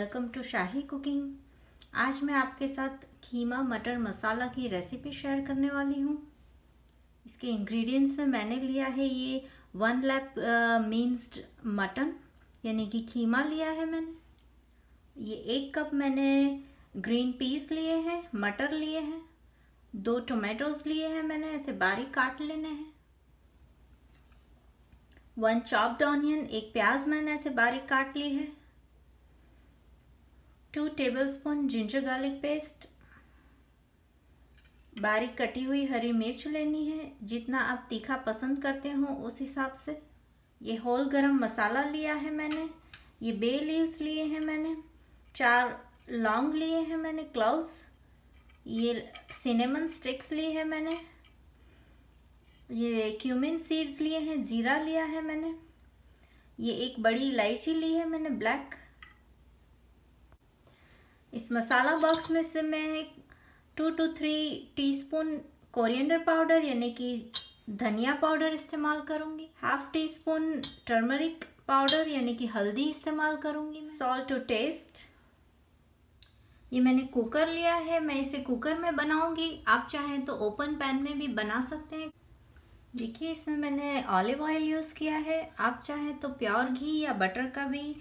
welcome to Shahi cooking आज मैं आपके साथ खीमा मटर मसाला की रेसिपी शेयर करने वाली हूँ इसके इंग्रेडिएंट्स में मैंने लिया है ये वन लैप मीन्स्ड मटन यानी कि खीमा लिया है मैंने ये एक कप मैंने ग्रीन पीस लिए हैं मटर लिए हैं दो टोमेटोज़ लिए हैं मैंने ऐसे बारीक काट लेने हैं वन चॉप्ड ऑनियन एक प्याज मैंने ऐसे बारीक काट ली है two tablespoon ginger garlic paste बारीक कटी हुई हरी मिर्च लेनी है जितना आप तीखा पसंद करते हो उस हिसाब से ये होल गरम मसाला लिया है मैंने ये बे लीव्स लिए हैं मैंने चार लौंग लिए हैं मैंने क्लाउस ये सिनेमन स्टिक्स लिए हैं मैंने ये क्यूमिन सीड्स लिए हैं ज़ीरा लिया है मैंने ये एक बड़ी इलायची ली है मैंने ब्लैक इस मसाला बॉक्स में से मैं two two three teaspoon coriander powder यानी कि धनिया पाउडर इस्तेमाल करूँगी half teaspoon turmeric powder यानी कि हल्दी इस्तेमाल करूँगी सॉल्ट टू टेस्ट ये मैंने कुकर लिया है मैं इसे कुकर में बनाऊँगी आप चाहें तो ओपन पैन में भी बना सकते हैं देखिए इसमें मैंने ऑलिव ऑयल यूज़ किया है आप चाहें तो प्योर घी या बटर का भी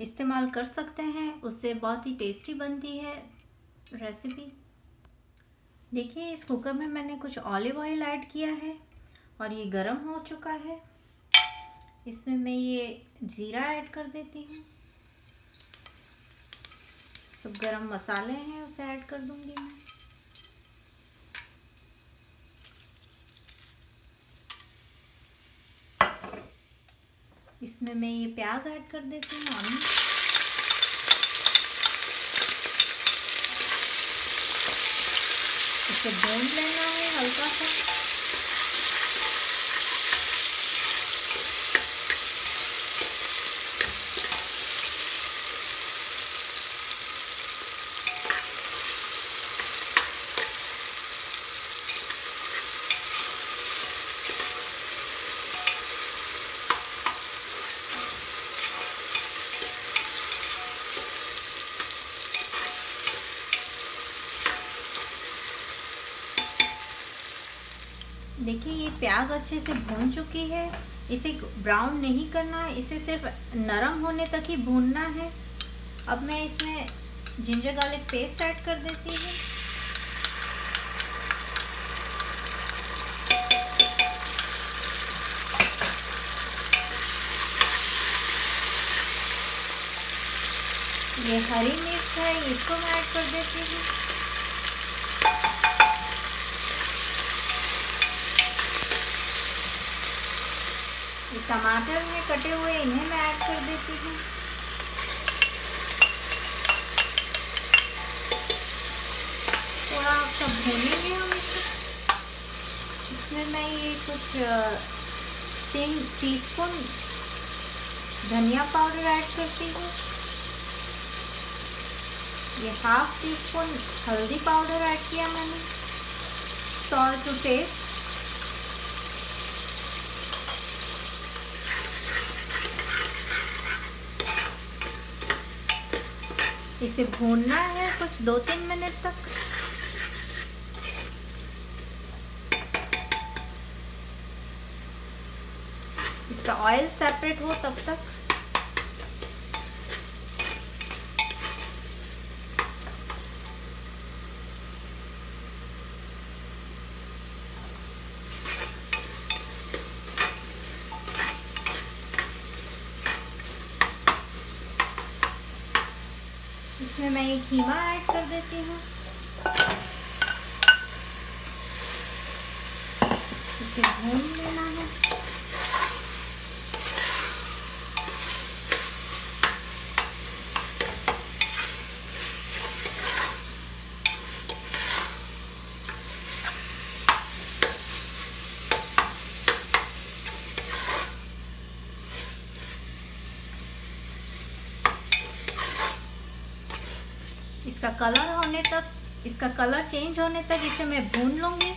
इस्तेमाल कर सकते हैं उससे बहुत ही टेस्टी बनती है रेसिपी देखिए इस कुकर में मैंने कुछ ऑलिव ऑयल ऐड किया है और ये गरम हो चुका है इसमें मैं ये जीरा ऐड कर देती हूँ सब गरम मसाले हैं उसे ऐड कर दूँगी मैं इसमें मैं ये प्याज ऐड कर देती हूँ ऑनियन इसे भून लेना है हल्का सा देखिए ये प्याज अच्छे से भून चुकी है इसे ब्राउन नहीं करना है इसे सिर्फ नरम होने तक ही भूनना है अब मैं इसमें जिंजर गार्लिक पेस्ट ऐड कर देती हूँ ये हरी मिर्च है इसको मैं ऐड कर देती हूँ टमाटर में कटे हुए इन्हें मैं ऐड कर देती हूँ थोड़ा सब भूलेंगे हम इसमें मैं ये कुछ तीन टीस्पून धनिया पाउडर ऐड करती हूँ ये हाफ टी स्पून हल्दी पाउडर ऐड किया मैंने सॉल्ट टू टेस्ट इसे भूनना है कुछ दो तीन मिनट तक इसका ऑयल सेपरेट हो तब तक इसमें मैं एक कीमा ऐड कर देती हूँ इसे भून लेना है इसका कलर होने तक इसका कलर चेंज होने तक इसे मैं भून लूँगी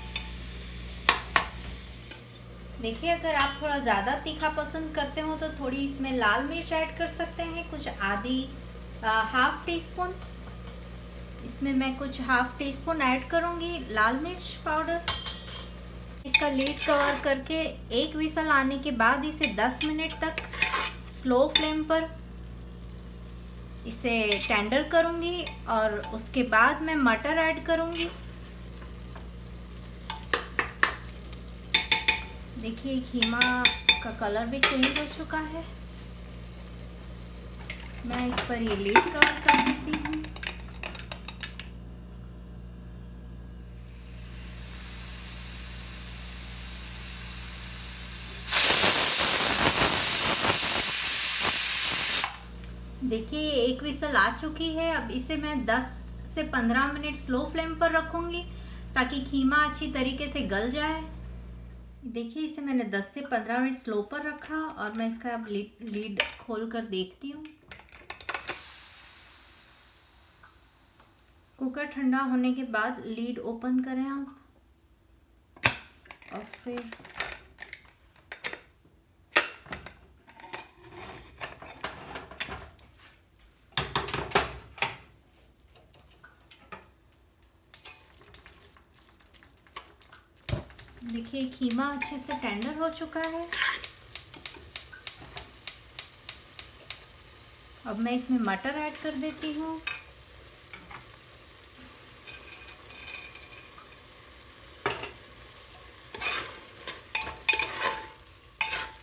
देखिए अगर आप थोड़ा ज़्यादा तीखा पसंद करते हो तो थोड़ी इसमें लाल मिर्च ऐड कर सकते हैं कुछ आधी हाफ टी स्पून इसमें मैं कुछ हाफ टी स्पून ऐड करूँगी लाल मिर्च पाउडर इसका लीड कवर करके एक विसल आने के बाद इसे 10 मिनट तक स्लो फ्लेम पर इसे टेंडर करूँगी और उसके बाद मैं मटर ऐड करूँगी देखिए खीमा का कलर भी चेंज हो चुका है मैं इस पर ये लीड कवर कर देती हूँ देखिए एक विसल आ चुकी है अब इसे मैं 10 से 15 मिनट स्लो फ्लेम पर रखूँगी ताकि खीमा अच्छी तरीके से गल जाए देखिए इसे मैंने 10 से 15 मिनट स्लो पर रखा और मैं इसका अब लीड, लीड खोल कर देखती हूँ कुकर ठंडा होने के बाद लीड ओपन करें आप और फिर देखिए कीमा अच्छे से टेंडर हो चुका है अब मैं इसमें मटर ऐड कर देती हूँ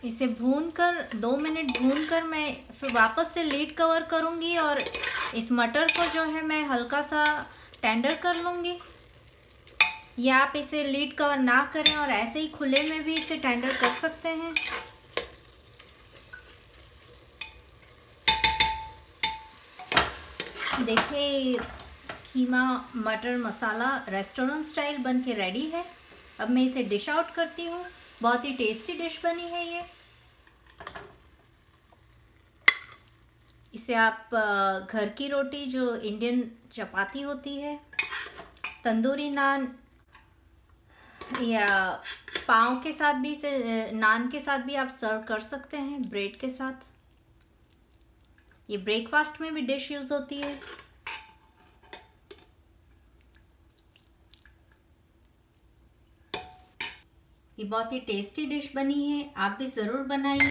इसे भून कर दो मिनट भून कर मैं फिर वापस से लीड कवर करूँगी और इस मटर को जो है मैं हल्का सा टेंडर कर लूँगी या आप इसे लीड कवर ना करें और ऐसे ही खुले में भी इसे टेंडर कर सकते हैं देखिए खीमा मटर मसाला रेस्टोरेंट स्टाइल बन के रेडी है अब मैं इसे डिश आउट करती हूँ बहुत ही टेस्टी डिश बनी है ये इसे आप घर की रोटी जो इंडियन चपाती होती है तंदूरी नान या पाव के साथ भी इसे नान के साथ भी आप सर्व कर सकते हैं ब्रेड के साथ ये ब्रेकफास्ट में भी डिश यूज़ होती है ये बहुत ही टेस्टी डिश बनी है आप भी ज़रूर बनाइए